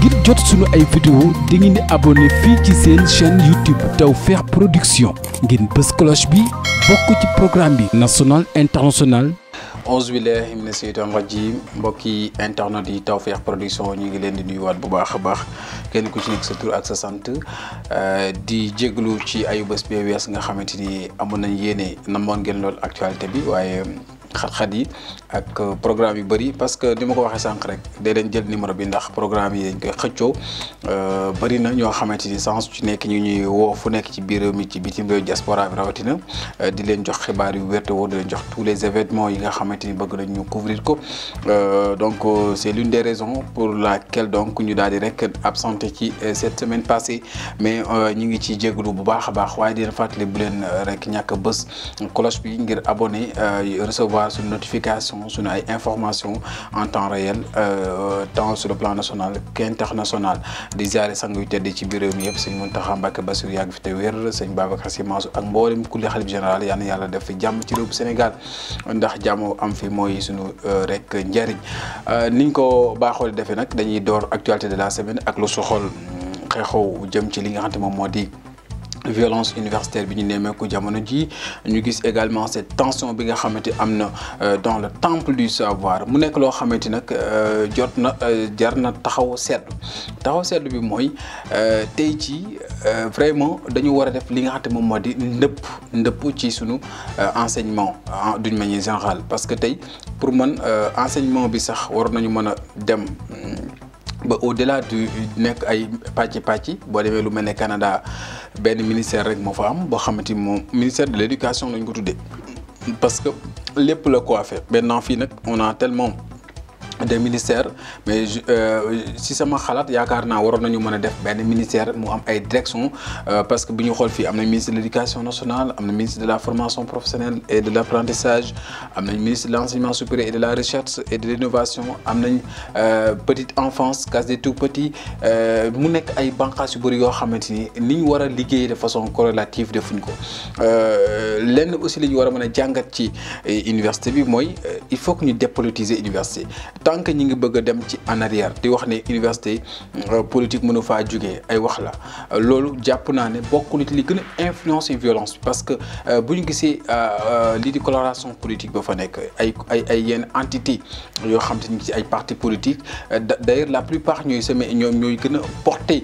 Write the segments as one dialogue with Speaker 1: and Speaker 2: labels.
Speaker 1: ngir jot sunu ay vidéo di ngeen di abonné fii ci seen chaîne YouTube Tawfekh Production ngeen bës cloche bi bokk ci programme bi national international auzu billahi mina seytaan rajim mbokki internet yi Tawfekh Production ñu ngi leen di nuyuwaat bu baax a baax kenn ku ci nekk sa tur ak sa sant euh, di jéglu ci ayu bés wees nga xamante ni amoon nañ yéene namoon ngeen lool actualité bi waaye xat-xat yi ak euh, programme yu bari parce que ni ma ko waxee sànq rek dee leen jël numéro bi ndax programme yi dañ koy xëccoo euh, bëri na ñoo xamante ni sans ci nekk ñu ñuy woo fu nekk ci biir mi ci bitim réew diaspora bi rawatina euh, di leen jox xibaar yu wér di leen jox tous les événements yi nga xamante ni bëgg nañ ñu couvrir ko donc c' est l'une des raisons pour laquelle donc ñu daal di rek absenté ci cette semaine passée mais ñu ngi ci jégalu bu baax a baax waaye di leen fàttali bu leen rek ñàkk bés cloche bi ngir abonné recevoir recevoir suñu notification suñu ay information en temps réel euh, tant sur le plan national qu'international di ziare sang yu tedd ci biir réew mi yëpp sëñ Mountakha Mbacké Bassirou yàgg fi te wér sëñ Babacar Sy Mansour ak mboolem kulli xalif général yal na yàlla def fi jàmm ci réew bu Sénégal ndax jàmm am fi mooy suñu euh, rek njariñ euh, niñ ko baaxoo defee nag dañuy door actualité de la semaine ak lu soxol xew-xew jëm ci li nga xam te moom moo di violence universitaire bi ñu nemmeeku jamono ji ñu gis également cette tension bi nga xamante am na euh, dans le temple du savoir mu nekk loo xamante nag euh, jot na euh, jar na taxaw seetlu taxaw seetlu bi mooy tey ci vraiment dañu war a def li nga xamante moom moo di ndëpp ndëpp ci sunu enseignement d'une manière générale parce que tey pour man enseignement bi sax war nañu mën a dem ba au delà du nekk ay pàcc pàcc boo demee lu mel ne Canada benn ministère rek moo fa am boo xamante ni moom ministère de l' éducation lañ ko tuddee parce que lépp la coiffé maintenant fii nag on a tellement. des ministères mais euh, si sama xalaat yaakaar naa waroon nañu mën a def benn ministère mu am ay direction euh, parce que bu ñu xool fii am na ministre de l'éducation nationale am na ministre de la formation professionnelle et de l'apprentissage am nañ ministre de l'enseignement supérieur et de la recherche et de l'innovation am nañ euh, petite enfance case des tout petits mu nekk ay bànqaas yu bëri yoo xamante ni ni ñu war a liggéey de façon corrélative defuñ ko lenn aussi li ñu war a mën a jàngat ci université bi mooy il faut que ñu dépolitiser université tant que ñi ngi bëgg a dem ci en arrière di wax ne université euh, politique mënu faa jugee ay wax la euh, loolu jàpp naa ne bokk na ci li gën a influencer violence bi parce que euh, bu ñu gisee lii di coloration politique ba fa nekk ay ay yenn entité yoo xam te ñu ci ay parti politique d'ailleurs la plupart ñooy semé ñoom ñooy gën a porter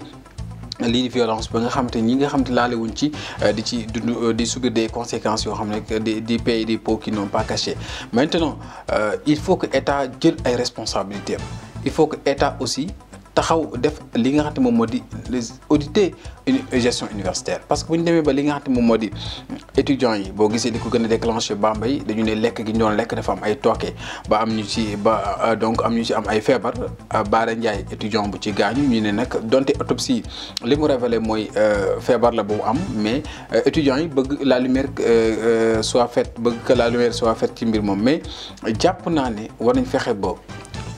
Speaker 1: lii di violence ba nga xam te ñi nga xam te laale wuñ ci euh, di ci dund euh, di subir de conséquences yoo xam ne des des pays di pots qui n'ont pas caché maintenant euh, il faut que état jël ay responsabilité il faut que état aussi taxaw def li nga xam ne moom moo di auditer gestion universitaire parce que bu ñu demee ba li nga xam ne moom moo di étudiants yi boo gisee li ko gën a déclenché Bambey yi dañu ne lekk gi ñu doon lekk dafa am ay tooke ba am ñu ci ba euh, donc am ñu ci am ay feebar euh, Baara Ndiaye étudiant bu ci gaañu ñu ne nag donte autopsie li mu révélé mooy euh, feebar la bu am mais étudiants yi bëgg la lumière soit faite bëgg que la lumière soit faite ci mbir moom mais jàpp naa ne war nañ fexe ba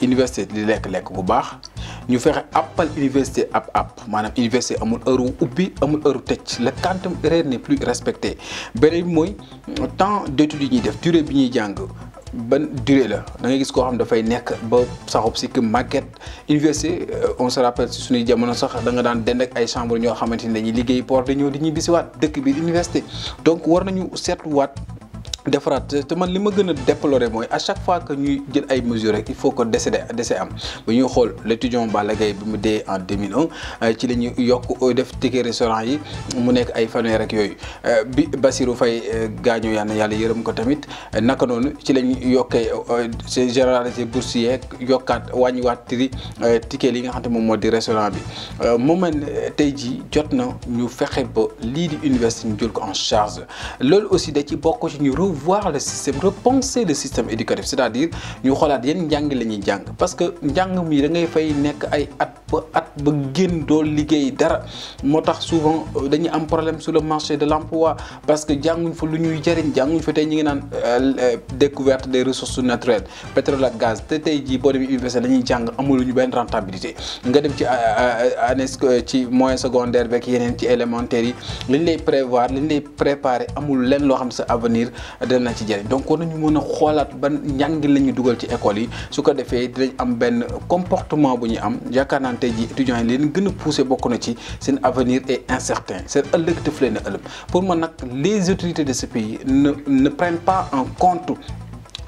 Speaker 1: université di lekk-lekk bu baax ñu fexe appal université ab app maanaam université amul heure wu ubbi amul heure tëj le quantum horaire n'est plus respecté beneen bi mooy temps d'étude yi ñuy def durée bi ñuy jàng ban durée la da ngay gis koo xam dafay nekk ba saxub sikki màgget université euh, on se rappelle si suñuy jamono sax da nga daan dend ak ay chambre ñoo xamante ni dañuy liggéey port ñëw di ñuy bisiwaat dëkk bi université donc war nañu seetluwaat defaraat te man li ma gën a déplorer mooy a chaque fois que ñuy jël ay mesures rek il faut que décès décès am ba ñuy xool l' étudiant Balla Gaye bi mu dee en 2001 euh, ci la ñuy yokk euh, def ticket restaurant yi mu nekk ay fanweer rek yooyu euh, bi Bassirou Faye gaañoo yàlla yàlla yërëm ko tamit naka noonu ci la ñuy yokkee seen généralité bourse yeeg yokkaat wàññiwaat tri ticket li nga xam te moom moo di restaurant bi mu mel tey ji jot na ñu fexe ba lii di université ñu jël ko en charge revoir le système repenser le système éducatif c'est-à-dire ñu xoolaat yéen njàng la ñuy jàng parce que njàng mi da ngay fay nekk ay at ba ba génn doo liggéey dara moo tax souvent euh, dañuy am problème sur le marché de l'emploi parce que jànguñ fa lu ñuy jëriñ jànguñ fa tey ñu ngi naan euh, euh, découverte des ressources naturelles pétrole ak gaz te tey jii boo demee université dañuy jàng amuluñu benn rentabilité nga dem ci année ci moyen secondaire beeg yeneen ci élémentaire yi liñ lay prévoir liñ lay préparer amul lenn loo xam sa avenir dana ci jëriñ donc war ñu mën a xoolaat ban njàngin la ñuy dugal ci école yi su ko defee dinañ am benn comportement bu ñuy am yaakaar naa jii étudiants yi leen gën a poussé bokk na ci seen avenir est incertain seen ëllëg daf leen ëllëg pour man nag les autorités de ce pays ne ne pas en compte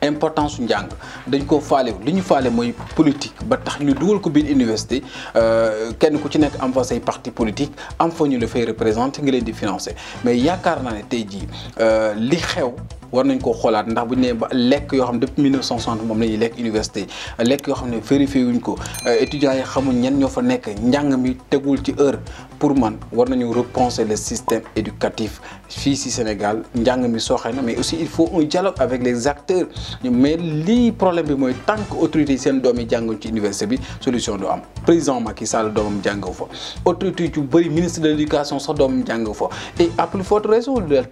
Speaker 1: importance su njàng dañ ko faale li ñu faale mooy politique ba tax ñu dugal ko biir université euh, kenn ku ci nekk am fa say parti politique am fa ñu la fay représenté nga leen di financé mais yaakaar naa ne tey jii euh, li xew. war nañ koo xoolaat ndax bu ñu nee lekk yoo xam ne depuis 1960 moom la yoo xam ne vérifié wuñ ko euh, étudiants yi xamuñ ñen ñoo fa nekk njàng mi tegul ci heure pour man war nañu repenser le système éducatif fii si Sénégal njàng mi sooxee na mais aussi il faut un dialogue avec les acteurs mais lii problème bi mooy tant que autorité yi seen doomi yi jànguñ ci université bi solution du am président Macky Sall doomam jàngaw fa autorité yu bëri ministre de l'éducation sax doomam jàngaw fa et à plus forte raison la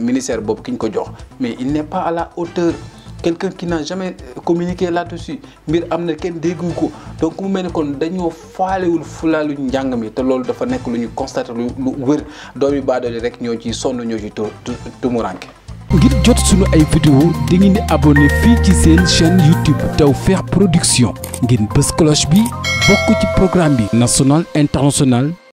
Speaker 1: ministère boobu boobu ko jox mais il n'est pas à la hauteur quelqu'un qui n'a jamais euh, communiqué là-dessus mbir am na kenn déggu ko donc mu mel ni kon dañoo faalewul fulaalu njàng mi te loolu dafa nekk lu ñu constaté lu lu wër doomi baadoole rek ñoo ci sonn ñoo ci tumuranke ngir jot suñu ay vidéo di ngeen di abonné fii ci seen chaîne YouTube Tawfekh Production ngeen bës cloche bi bokk ci programme bi national international